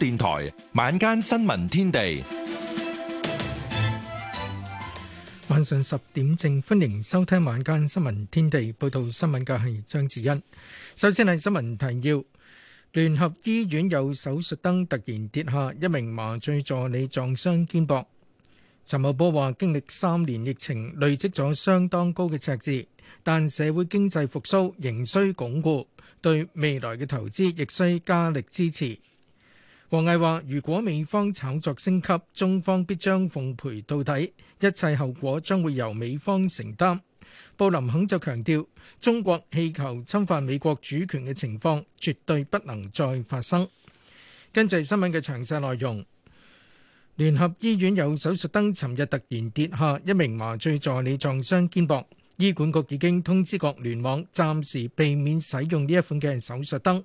電台晚間新聞天地，晚上十點正，歡迎收聽晚間新聞天地。報道新聞嘅係張子欣。首先係新聞提要：聯合醫院有手術燈突然跌下，一名麻醉助理撞傷肩膊。陳茂波話：經歷三年疫情，累積咗相當高嘅赤字，但社會經濟復甦仍需鞏固，對未來嘅投資亦需加力支持。王毅話：如果美方炒作升級，中方必將奉陪到底，一切後果將會由美方承擔。布林肯就強調：中國氣球侵犯美國主權嘅情況，絕對不能再發生。跟住新聞嘅詳細內容，聯合醫院有手術燈，尋日突然跌下，一名麻醉助理撞傷肩膊。醫管局已經通知各聯網，暫時避免使用呢一款嘅手術燈。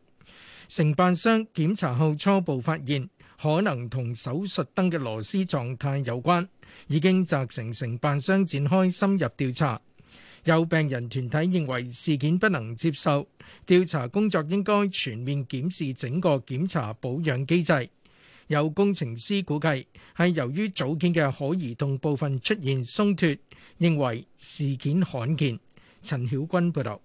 承辦商檢查後初步發現，可能同手術燈嘅螺絲狀態有關，已經責成承辦商展開深入調查。有病人團體認為事件不能接受，調查工作應該全面檢視整個檢查保養機制。有工程師估計係由於組件嘅可移動部分出現鬆脫，認為事件罕見。陳曉君報道。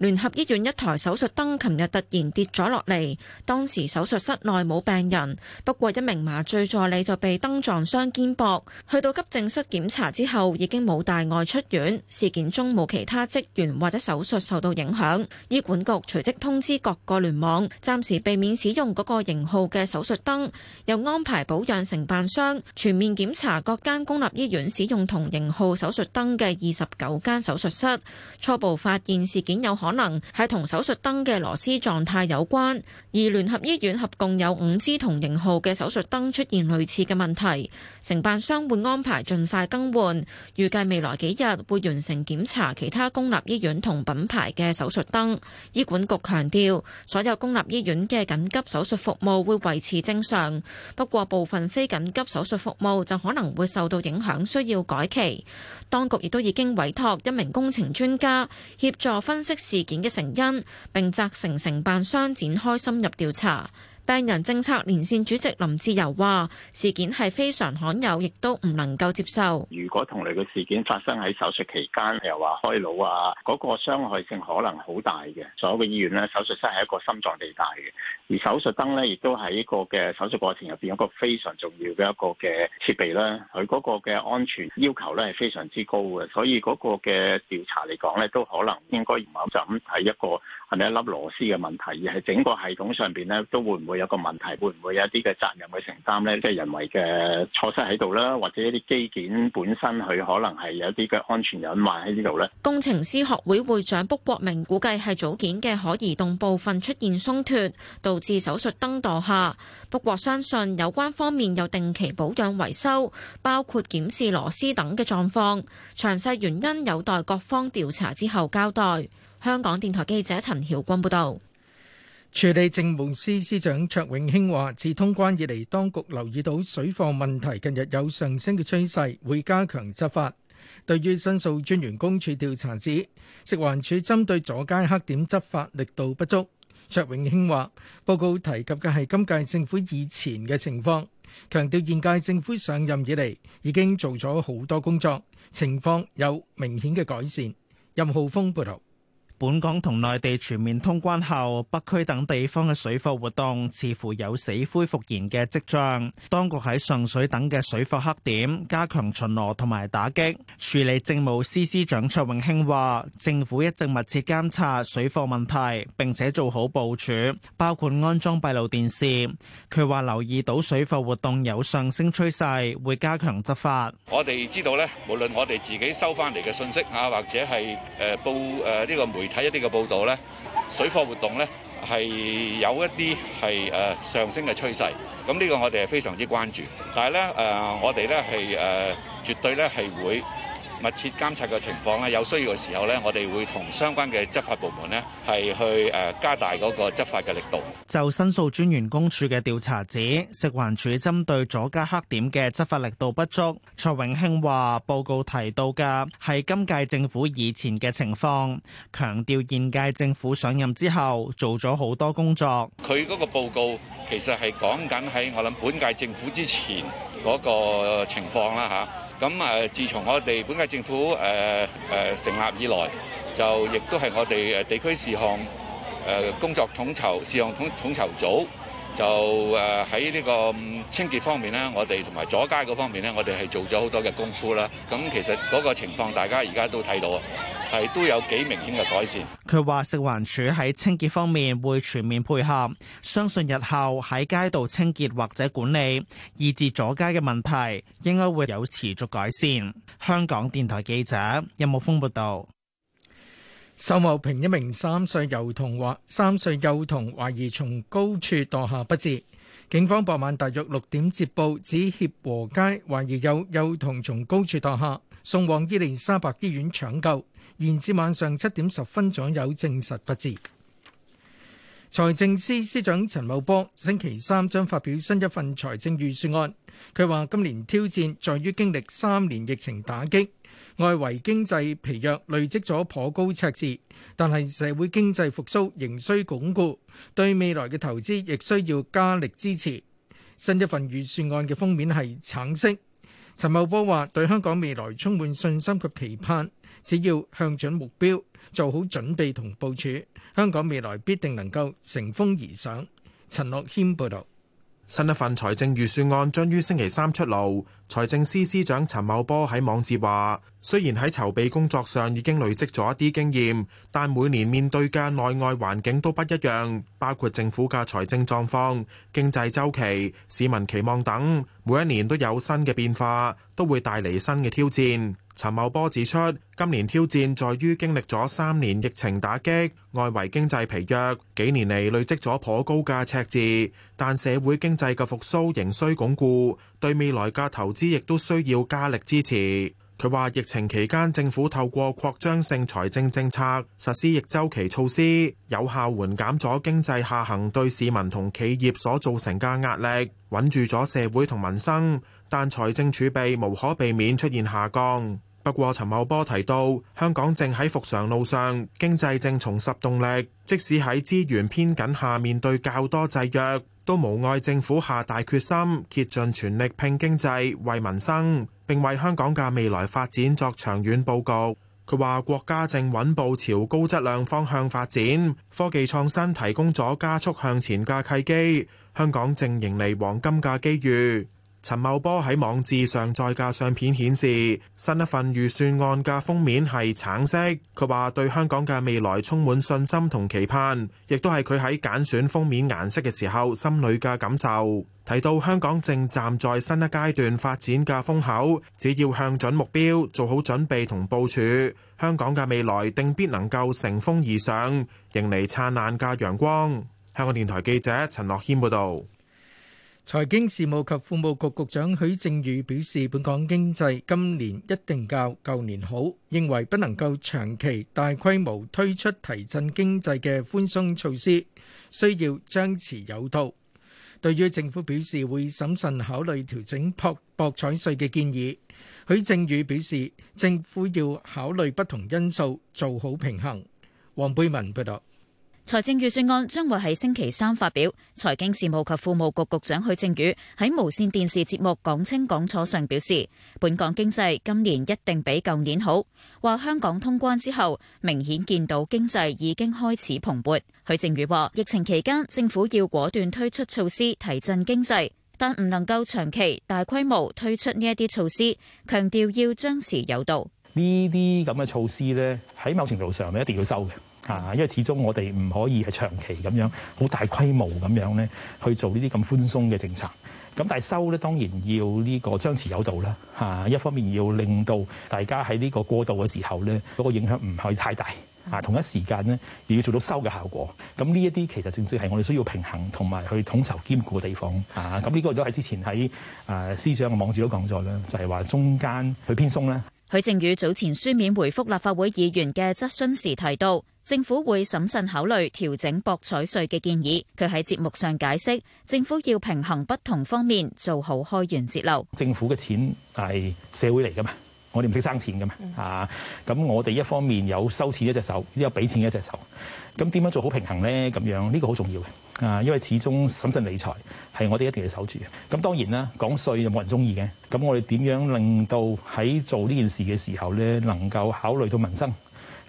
聯合醫院一台手術燈琴日突然跌咗落嚟，當時手術室內冇病人，不過一名麻醉助理就被燈撞傷肩膊。去到急症室檢查之後，已經冇大礙出院。事件中冇其他職員或者手術受到影響。醫管局隨即通知各個聯網，暫時避免使用嗰個型號嘅手術燈，又安排保養承辦商全面檢查各間公立醫院使用同型號手術燈嘅二十九間手術室，初步發現事件有可能，可能係同手術燈嘅螺絲狀態有關，而聯合醫院合共有五支同型號嘅手術燈出現類似嘅問題，承辦商會安排盡快更換，預計未來幾日會完成檢查其他公立醫院同品牌嘅手術燈。醫管局強調，所有公立醫院嘅緊急手術服務會維持正常，不過部分非緊急手術服務就可能會受到影響，需要改期。當局亦都已經委託一名工程專家協助分析事。事件嘅成因，並責成承辦商展開深入調查。病人政策連線主席林志柔話：事件係非常罕有，亦都唔能夠接受。如果同類嘅事件發生喺手術期間，又話開腦啊，嗰個傷害性可能好大嘅。所有嘅醫院呢，手術室係一個心臟地帶嘅。而手術燈呢，亦都喺呢個嘅手術過程入邊有個非常重要嘅一個嘅設備啦。佢嗰個嘅安全要求咧係非常之高嘅，所以嗰個嘅調查嚟講咧，都可能應該唔好就咁睇一個係咪一粒螺絲嘅問題，而係整個系統上邊咧都會唔會有個問題，會唔會有一啲嘅責任去承擔呢？即係人為嘅錯失喺度啦，或者一啲機件本身佢可能係有啲嘅安全隱患喺呢度呢。工程師學會會，會長卜國明估計係組件嘅可移動部分出現鬆脱，導至手術燈墮下，不過相信有關方面有定期保養維修，包括檢視螺絲等嘅狀況。詳細原因有待各方調查之後交代。香港電台記者陳曉君報道。處理政務司司、司長卓永興話，自通關以嚟，當局留意到水貨問題近日有上升嘅趨勢，會加強執法。對於申訴專員公署調查指食環署針對阻街黑點執法力度不足。卓永興話：報告提及嘅係今屆政府以前嘅情況，強調現屆政府上任以嚟已經做咗好多工作，情況有明顯嘅改善。任浩峰報道。本港同內地全面通關後，北區等地方嘅水貨活動似乎有死灰復燃嘅跡象。當局喺上水等嘅水貨黑點加強巡邏同埋打擊。署理政務司司長卓永興話，政府一直密切監察水貨問題，並且做好部署，包括安裝閉路電視。佢話留意到水貨活動有上升趨勢，會加強執法。我哋知道呢，無論我哋自己收翻嚟嘅信息啊，或者係誒報誒呢個媒。睇一啲嘅報道咧，水貨活動咧係有一啲係誒上升嘅趨勢。咁呢個我哋係非常之關注，但係咧誒我哋咧係誒絕對咧係會。.密切監察嘅情況咧，有需要嘅時候咧，我哋會同相關嘅執法部門咧，係去誒加大嗰個執法嘅力度。就申訴專員公署嘅調查指，食環署針對咗家黑點嘅執法力度不足。卓永興話：報告提到嘅係今屆政府以前嘅情況，強調現屆政府上任之後做咗好多工作。佢嗰個報告其實係講緊喺我諗本屆政府之前嗰個情況啦嚇。咁啊，自從我哋本屆政府誒誒、呃呃、成立以來，就亦都係我哋誒地區事項誒、呃、工作統籌事項統統籌組，就誒喺呢個清潔方面咧，我哋同埋阻街嗰方面咧，我哋係做咗好多嘅功夫啦。咁其實嗰個情況大家而家都睇到啊。係都有幾明顯嘅改善。佢話：食環署喺清潔方面會全面配合，相信日後喺街道清潔或者管理以至阻街嘅問題，應該會有持續改善。香港電台記者任木峰報導。秀茂坪一名三歲幼童話：三歲幼童懷疑從高處墮下不治。警方傍晚大約六點接報，指協和街懷疑有幼童從高處墮下，送往伊麗莎白醫院搶救。延至晚上七點十分左右，證實不治。財政司司長陳茂波星期三將發表新一份財政預算案。佢話：今年挑戰在於經歷三年疫情打擊，外圍經濟疲弱累積咗頗高赤字，但係社會經濟復甦仍需鞏固，對未來嘅投資亦需要加力支持。新一份預算案嘅封面係橙色。陳茂波話：對香港未來充滿信心及期盼。只要向準目標做好準備同部署，香港未來必定能夠乘風而上。陳樂謙報道。新一份財政預算案將於星期三出爐，財政司司長陳茂波喺網誌話，雖然喺籌備工作上已經累積咗一啲經驗，但每年面對嘅內外環境都不一樣，包括政府嘅財政狀況、經濟周期、市民期望等，每一年都有新嘅變化，都會帶嚟新嘅挑戰。陳茂波指出，今年挑戰在於經歷咗三年疫情打擊，外圍經濟疲弱，幾年嚟，累積咗頗高嘅赤字，但社會經濟嘅復蘇仍需鞏固，對未來嘅投資亦都需要加力支持。佢話疫情期間，政府透過擴張性財政政策實施逆周期措施，有效緩減咗經濟下行對市民同企業所造成嘅壓力，穩住咗社會同民生，但財政儲備無可避免出現下降。不過，陳茂波提到，香港正喺復常路上，經濟正重拾動力，即使喺資源偏緊下面對較多制約，都無礙政府下大決心，竭盡全力拼經濟、為民生，並為香港嘅未來發展作長遠佈局。佢話：國家正穩步朝高質量方向發展，科技創新提供咗加速向前嘅契機，香港正迎嚟黃金嘅機遇。陳茂波喺網誌上載嘅相片顯示，新一份預算案嘅封面係橙色。佢話對香港嘅未來充滿信心同期盼，亦都係佢喺揀選封面顏色嘅時候心裏嘅感受。提到香港正站在新一階段發展嘅風口，只要向準目標做好準備同部署，香港嘅未來定必能夠乘風而上，迎嚟燦爛嘅陽光。香港電台記者陳樂謙報道。財經事務及庫務局局長許正宇表示，本港經濟今年一定較舊年好，認為不能夠長期大規模推出提振經濟嘅寬鬆措施，需要張弛有度。對於政府表示會審慎考慮調整博博彩稅嘅建議，許正宇表示，政府要考慮不同因素，做好平衡。黃貝文報道。財政預算案將會喺星期三發表。財經事務及副務局局長許正宇喺無綫電視節目《講清講楚》上表示，本港經濟今年一定比舊年好。話香港通關之後，明顯見到經濟已經開始蓬勃。許正宇話，疫情期間政府要果斷推出措施提振經濟，但唔能夠長期大規模推出呢一啲措施，強調要張弛有度。呢啲咁嘅措施咧，喺某程度上咧一定要收嘅，啊，因為始終我哋唔可以係長期咁樣好大規模咁樣咧去做呢啲咁寬鬆嘅政策。咁但係收咧，當然要呢個張弛有度啦，嚇！一方面要令到大家喺呢個過渡嘅時候咧，嗰個影響唔可以太大，啊，同一時間咧，又要做到收嘅效果。咁呢一啲其實正正係我哋需要平衡同埋去統籌兼顧嘅地方，啊，咁呢個都喺之前喺啊司長嘅網址都講咗啦，就係話中間去偏鬆咧。許正宇早前書面回覆立法會議員嘅質詢時提到，政府會審慎考慮調整博彩稅嘅建議。佢喺節目上解釋，政府要平衡不同方面，做好開源節流。政府嘅錢係社會嚟噶嘛？我哋唔識生錢嘅嘛，嗯、啊，咁我哋一方面有收錢一隻手，有俾錢一隻手，咁點樣做好平衡咧？咁樣呢、呢個好重要嘅，啊，因為始終審慎理財係我哋一定要守住。咁、啊、當然啦，講稅就冇人中意嘅，咁我哋點樣令到喺做呢件事嘅時候咧，能夠考慮到民生？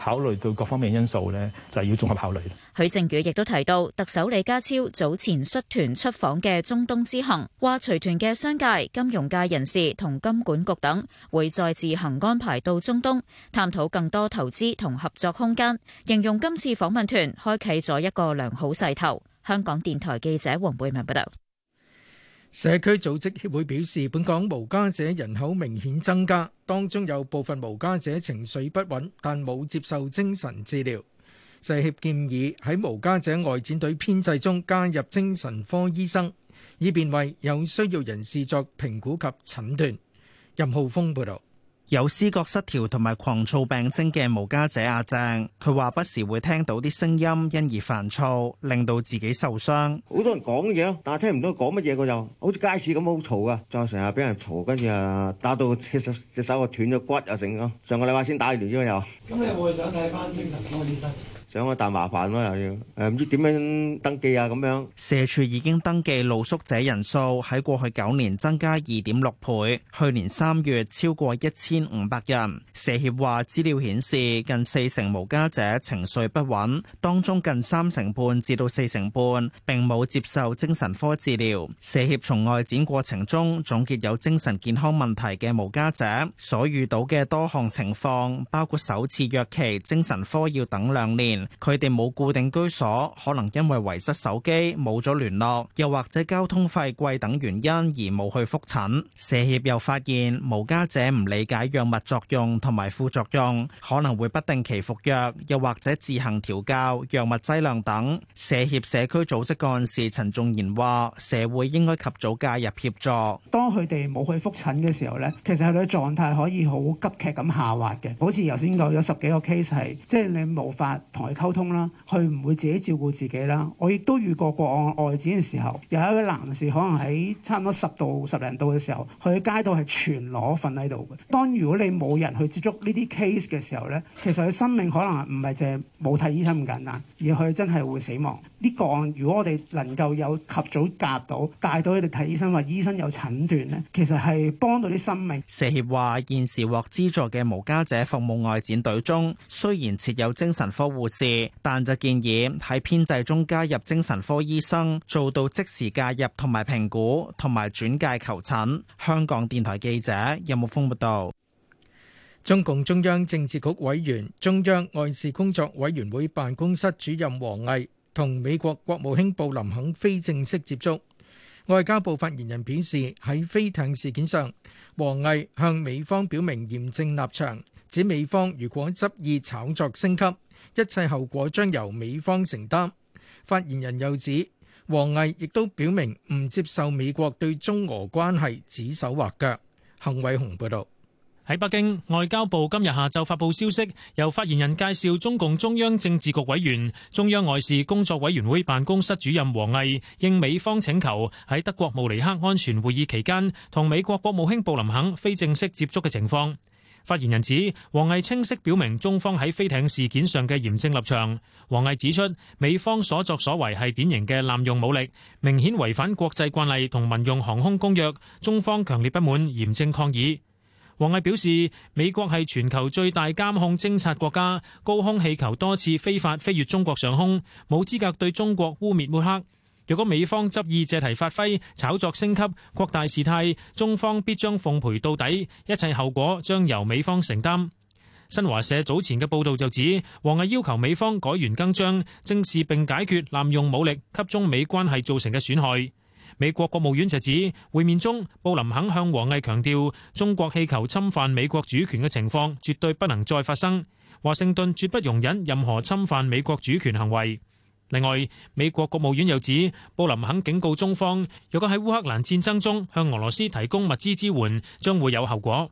考慮到各方面因素呢，就係要綜合考慮。許正宇亦都提到，特首李家超早前率團出訪嘅中東之行，話隨團嘅商界、金融界人士同金管局等會再自行安排到中東，探討更多投資同合作空間，形容今次訪問團開啟咗一個良好勢頭。香港電台記者黃貝文報道。社區組織協會表示，本港無家者人口明顯增加，當中有部分無家者情緒不穩，但冇接受精神治療。社協建議喺無家者外展隊編制中加入精神科醫生，以便為有需要人士作評估及診斷。任浩峰報道。有思覺失調同埋狂躁病徵嘅無家者阿鄭，佢話不時會聽到啲聲音，因而煩躁，令到自己受傷。好多人講嘢，但係聽唔到講乜嘢，佢就好似街市咁好嘈噶，就成日俾人嘈，跟住啊打到其隻手啊斷咗骨又成咁。上個禮拜先打完呢樣嘢。咁你會想睇翻精神科醫生？想，我大麻煩咯，又要誒唔知點樣登記啊咁樣。社署已經登記露宿者人數喺過去九年增加二點六倍，去年三月超過一千五百人。社協話資料顯示，近四成無家者情緒不穩，當中近三成半至到四成半並冇接受精神科治療。社協從外展過程中，總結有精神健康問題嘅無家者所遇到嘅多項情況，包括首次約期精神科要等兩年。佢哋冇固定居所，可能因為遺失手機冇咗聯絡，又或者交通費貴等原因而冇去覆診。社協又發現無家者唔理解藥物作用同埋副作用，可能會不定期服藥，又或者自行調教藥物劑量等。社協社區組織幹事陳仲賢話：社會應該及早介入協助。當佢哋冇去覆診嘅時候呢，其實佢哋嘅狀態可以好急劇咁下滑嘅，好似頭先講咗十幾個 case 係，即係你無法同溝通啦，佢唔會自己照顧自己啦。我亦都遇過個案外展嘅時候，有一個男士可能喺差唔多十度十零度嘅時候，佢喺街道係全裸瞓喺度嘅。當如果你冇人去接觸呢啲 case 嘅時候咧，其實佢生命可能唔係淨係冇睇醫生咁簡單，而佢真係會死亡。啲個案，如果我哋能夠有及早夾到，帶到佢哋睇醫生，或醫生有診斷咧，其實係幫到啲生命。社協話，現時獲資助嘅無家者服務外展隊中，雖然設有精神科護士，但就建議喺編制中加入精神科醫生，做到即時介入同埋評估同埋轉介求診。香港電台記者任木峰報道。中共中央政治局委員、中央外事工作委員會辦公室主任王毅同美國國務卿布林肯非正式接觸，外交部發言人表示喺飛艇事件上，王毅向美方表明嚴正立場，指美方如果執意炒作升級，一切後果將由美方承擔。發言人又指，王毅亦都表明唔接受美國對中俄關係指手畫腳。幸偉雄報道。喺北京，外交部今日下晝發布消息，由發言人介紹中共中央政治局委員、中央外事工作委員會辦公室主任王毅應美方請求，喺德國慕尼黑安全會議期間同美國國務卿布林肯非正式接觸嘅情況。發言人指，王毅清晰表明中方喺飛艇事件上嘅嚴正立場。王毅指出，美方所作所為係典型嘅濫用武力，明顯違反國際慣例同民用航空公約，中方強烈不滿，嚴正抗議。王毅表示，美國係全球最大監控偵察國家，高空氣球多次非法飛越中國上空，冇資格對中國污衊抹黑。若果美方執意借題發揮、炒作升級、擴大事態，中方必將奉陪到底，一切後果將由美方承擔。新華社早前嘅報道就指，王毅要求美方改弦更張，正視並解決濫用武力給中美關係造成嘅損害。美國國務院就指，會面中布林肯向王毅強調，中國氣球侵犯美國主權嘅情況絕對不能再發生，華盛頓絕不容忍任何侵犯美國主權行為。另外，美國國務院又指，布林肯警告中方，若果喺烏克蘭戰爭中向俄羅斯提供物資支援，將會有後果。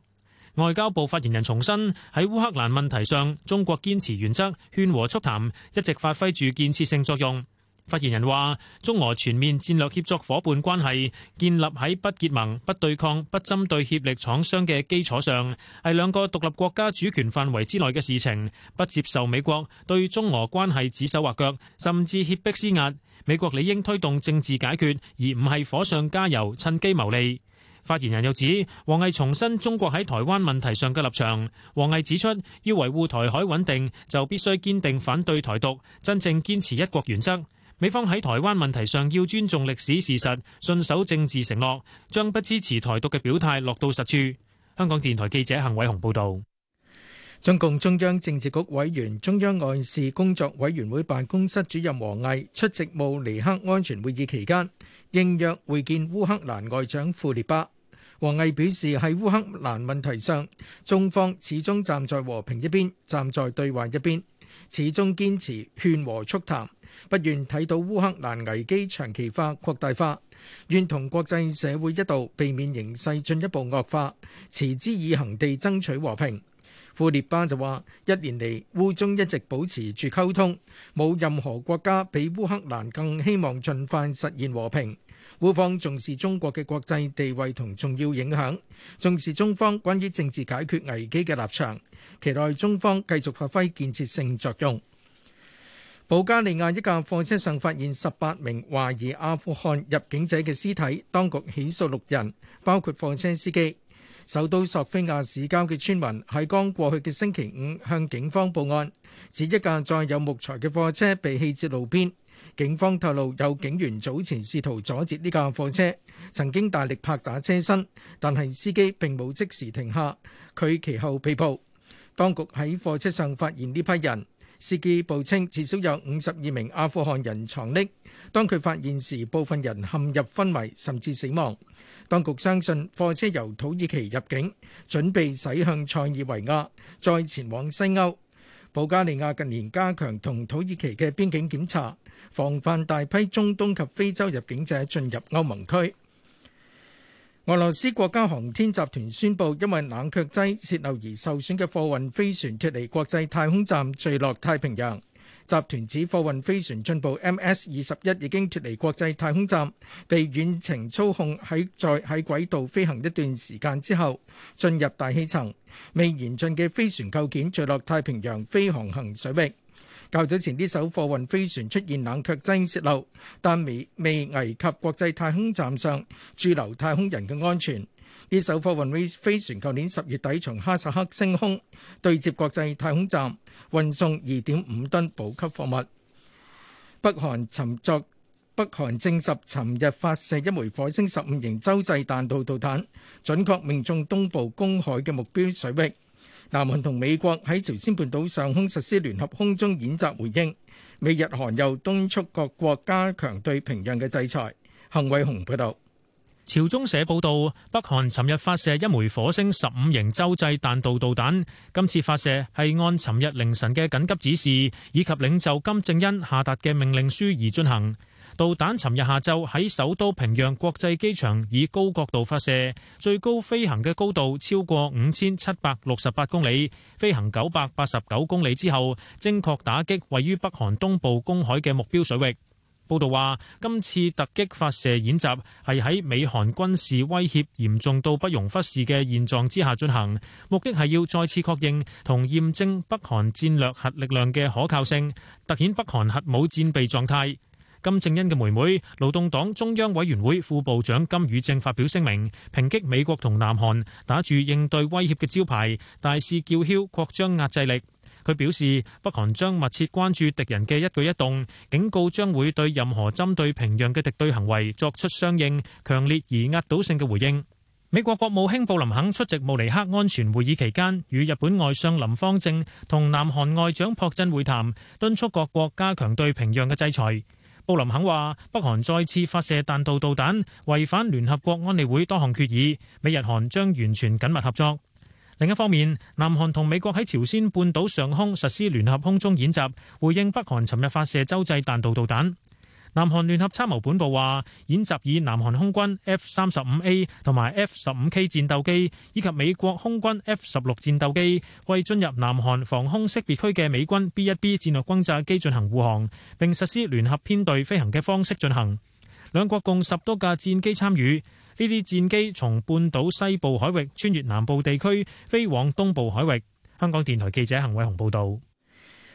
外交部發言人重申，喺烏克蘭問題上，中國堅持原則，勸和促談，一直發揮住建設性作用。發言人話：中俄全面戰略協作夥伴關係建立喺不結盟、不對抗、不針對協力廠商嘅基礎上，係兩個獨立國家主權範圍之內嘅事情，不接受美國對中俄關係指手畫腳，甚至脅迫施壓。美國理應推動政治解決，而唔係火上加油，趁機牟利。發言人又指，王毅重申中國喺台灣問題上嘅立場。王毅指出，要維護台海穩定，就必須堅定反對台獨，真正堅持一國原則。美方喺台灣問題上要尊重歷史事實，信守政治承諾，將不支持台獨嘅表態落到實處。香港電台記者陳偉雄報道。中共中央政治局委員、中央外事工作委員會辦公室主任王毅出席慕尼黑安全會議期間應約會見烏克蘭外長庫列巴。王毅表示，喺烏克蘭問題上，中方始終站在和平一邊，站在對話一邊，始終堅持勸和促談。不願睇到烏克蘭危機長期化、擴大化，願同國際社會一道避免形勢進一步惡化，持之以恒地爭取和平。庫列巴就話：一年嚟，烏中一直保持住溝通，冇任何國家比烏克蘭更希望盡快實現和平。烏方重視中國嘅國際地位同重要影響，重視中方關於政治解決危機嘅立場，期待中方繼續發揮建設性作用。保加利亞一架貨車上發現十八名懷疑阿富汗入境者嘅屍體，當局起訴六人，包括貨車司機。首都索菲亞市郊嘅村民喺剛過去嘅星期五向警方報案，指一架載有木材嘅貨車被棄置路邊。警方透露，有警員早前試圖阻截呢架貨車，曾經大力拍打車身，但係司機並冇即時停下，佢其後被捕。當局喺貨車上發現呢批人。司機報稱，至少有五十二名阿富汗人藏匿。當佢發現時，部分人陷入昏迷，甚至死亡。當局相信貨車由土耳其入境，準備駛向塞爾維亞，再前往西歐。保加利亞近年加強同土耳其嘅邊境檢查，防範大批中東及非洲入境者進入歐盟區。俄羅斯國家航天集團宣布，因為冷卻劑泄漏而受損嘅貨運飛船脫離國際太空站，墜落太平洋。集團指貨運飛船進步 M S 二十一已經脫離國際太空站，被遠程操控喺在喺軌道飛行一段時間之後，進入大氣層，未燃盡嘅飛船構件墜落太平洋非航行水域。較早前呢艘貨運飛船出現冷卻劑泄漏，但未未危及國際太空站上駐留太空人嘅安全。呢艘貨運飛船舊年十月底從哈薩克升空，對接國際太空站，運送二點五噸補給貨物。北韓尋昨北韓證實尋日發射一枚火星十五型洲際彈道導彈，準確命中東部公海嘅目標水域。南韓同美國喺朝鮮半島上空實施聯合空中演習，回應美日韓又敦促各國加強對平壤嘅制裁。彭偉雄報道，朝中社報道，北韓尋日發射一枚火星十五型洲際彈道導彈。今次發射係按尋日凌晨嘅緊急指示以及領袖金正恩下達嘅命令書而進行。導彈尋日下晝喺首都平壤國際機場以高角度發射，最高飛行嘅高度超過五千七百六十八公里，飛行九百八十九公里之後，精確打擊位於北韓東部公海嘅目標水域。報道話，今次突擊發射演習係喺美韓軍事威脅嚴重到不容忽視嘅現狀之下進行，目的係要再次確認同驗證北韓戰略核力量嘅可靠性，突顯北韓核武戰備狀態。金正恩嘅妹妹、勞動黨中央委員會副部長金與正發表聲明，抨擊美國同南韓打著應對威脅嘅招牌，大肆叫囂擴張壓制力。佢表示，北韓將密切關注敵人嘅一舉一動，警告將會對任何針對平壤嘅敵對行為作出相應強烈而壓倒性嘅回應。美國國務卿布林肯出席慕尼黑安全會議期間，與日本外相林芳正同南韓外長朴振會談，敦促各國加強對平壤嘅制裁。布林肯話：北韓再次發射彈道導彈，違反聯合國安理會多項決議，美日韓將完全緊密合作。另一方面，南韓同美國喺朝鮮半島上空實施聯合空中演習，回應北韓尋日發射洲際彈道導彈。南韓聯合參謀本部話，演習以南韓空軍 F 三十五 A 同埋 F 十五 K 戰鬥機，以及美國空軍 F 十六戰鬥機，為進入南韓防空識別區嘅美軍 B 一 B 戰略轟炸機進行護航，並實施聯合編隊飛行嘅方式進行。兩國共十多架戰機參與，呢啲戰機從半島西部海域穿越南部地區，飛往東部海域。香港電台記者幸偉雄報道。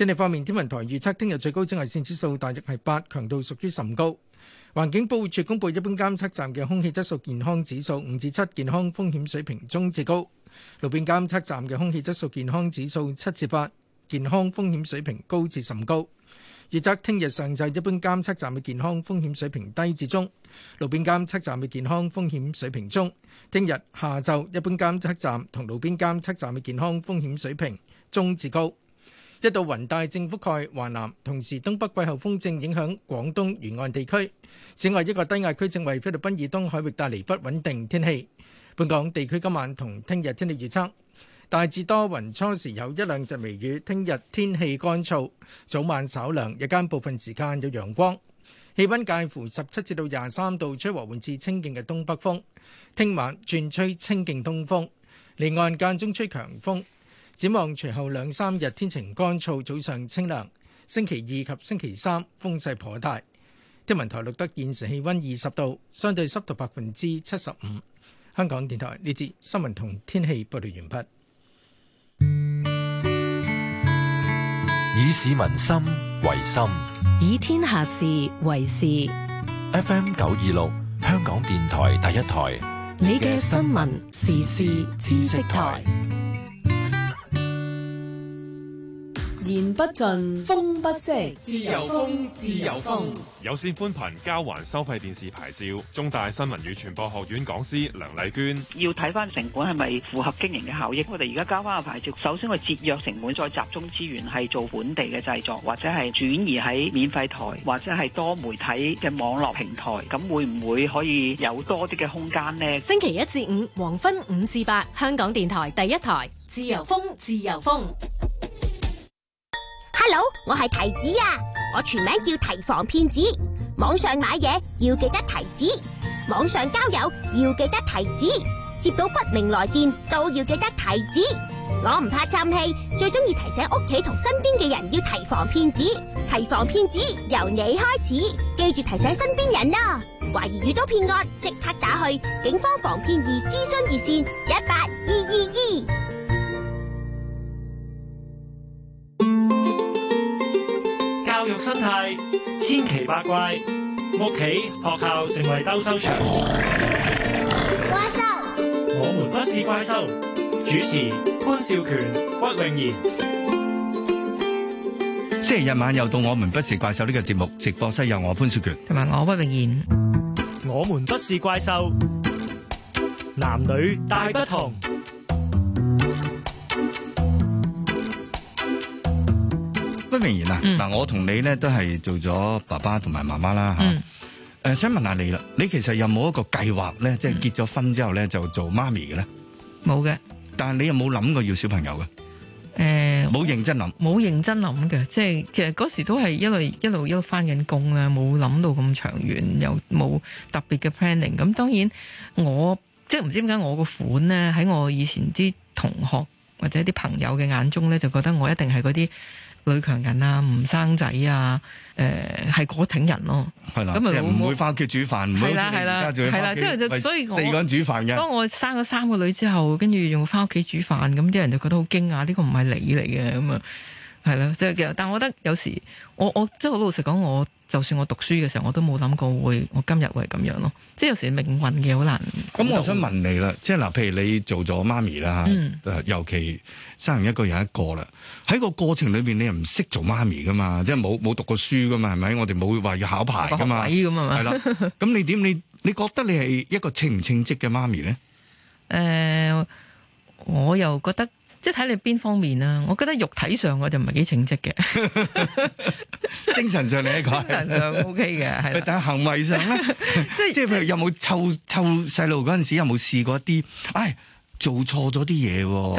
天氣方面，天文台預測聽日最高紫外線指數大約係八，強度屬於甚高。環境保護署公布一般監測站嘅空氣質素健康，健康指數五至七，健康風險水平中至高。路邊監測站嘅空氣質素健康指數七至八，健康風險水平高至甚高。預測聽日上晝一般監測站嘅健康風險水平低至中，路邊監測站嘅健康風險水平中。聽日下晝一般監測站同路邊監測站嘅健康風險水平中至高。一道雲帶正覆蓋華南，同時東北季候風正影響廣東沿岸地區。此外，一個低壓區正為菲律賓以東海域帶嚟不穩定天氣。本港地區今晚同聽日天氣預測，大致多雲，初時有一兩陣微雨。聽日天氣乾燥，早晚稍涼，日間部分時間有陽光。氣温介乎十七至到廿三度，吹和緩至清勁嘅東北風。聽晚轉吹清勁東風，離岸間中吹強風。展望隨後兩三日天晴乾燥，早上清涼。星期二及星期三風勢頗大。天文台錄得現時氣温二十度，相對濕度百分之七十五。香港電台呢節新聞同天氣報道完畢。以市民心為心，以天下事為事。FM 九二六，香港電台第一台，你嘅新聞時事知識台。言不盡，風不息，自由風，自由風。有線寬頻交還收費電視牌照，中大新聞與傳播學院講師梁麗娟。要睇返成本係咪符合經營嘅效益？我哋而家交返個牌照，首先會節約成本，再集中資源係做本地嘅製作，或者係轉移喺免費台，或者係多媒體嘅網絡平台，咁會唔會可以有多啲嘅空間呢？星期一至五黃昏五至八，香港電台第一台，自由風，自由風。Hello，我係提子啊，我全名叫提防騙子。網上買嘢要記得提子，網上交友要記得提子，接到不明來電都要記得提子。我唔怕嘆氣，最中意提醒屋企同身邊嘅人要提防騙子。提防騙子由你開始，記住提醒身邊人啦。懷疑遇到騙案，即刻打去警方防騙易諮詢熱線一八二二二。身態千奇百怪，屋企學校成為兜收場。怪獸，我們不是怪獸。主持潘少權、屈穎妍。星期日晚又到我們不是怪獸呢個節目直播室，有我潘少權同埋我屈穎妍。我們不是怪獸，男女大不同。不明顯啦、啊，嗱、嗯，我同你咧都係做咗爸爸同埋媽媽啦嚇。誒、嗯啊，想問下你啦，你其實有冇一個計劃咧？嗯、即係結咗婚之後咧，就做媽咪嘅咧？冇嘅的，但係你有冇諗過要小朋友嘅？誒、呃，冇認真諗，冇認真諗嘅。即係其實嗰時都係一路一路一路返緊工啦，冇諗到咁長遠，又冇特別嘅 planning。咁當然我即係唔知點解我個款咧喺我以前啲同學或者啲朋友嘅眼中咧，就覺得我一定係嗰啲。女強人啊，唔生仔啊，誒、呃、係果挺人咯，係啦的，咁即係唔會翻屋企煮飯，係啦係啦，係啦的，即係就所以我四個人煮飯嘅。我當我生咗三個女之後，跟住用翻屋企煮飯，咁啲人就覺得好驚啊！呢、呢個唔係你嚟嘅，咁啊係啦，即係但係我覺得有時我我即係老實講我。就算我讀書嘅時候，我都冇諗過會我今日會係咁樣咯。即係有時命運嘅好難。咁我想問你啦，即係嗱，譬如你做咗媽咪啦，誒，尤其生完一個又一個啦，喺個過程裏邊，你又唔識做媽咪噶嘛？即係冇冇讀過書噶嘛？係咪？我哋冇話要考牌噶嘛？咁啊嘛，係啦。咁你點？你你覺得你係一個稱唔稱職嘅媽咪咧？誒，我又覺得。即係睇你邊方面啦，啊，我覺得肉體上我就唔係幾稱職嘅，精神上你講，精神上 OK 嘅，係，但係行為上咧，即係即係譬如有冇湊湊細路嗰陣時，有冇試過一啲，唉，做錯咗啲嘢喎。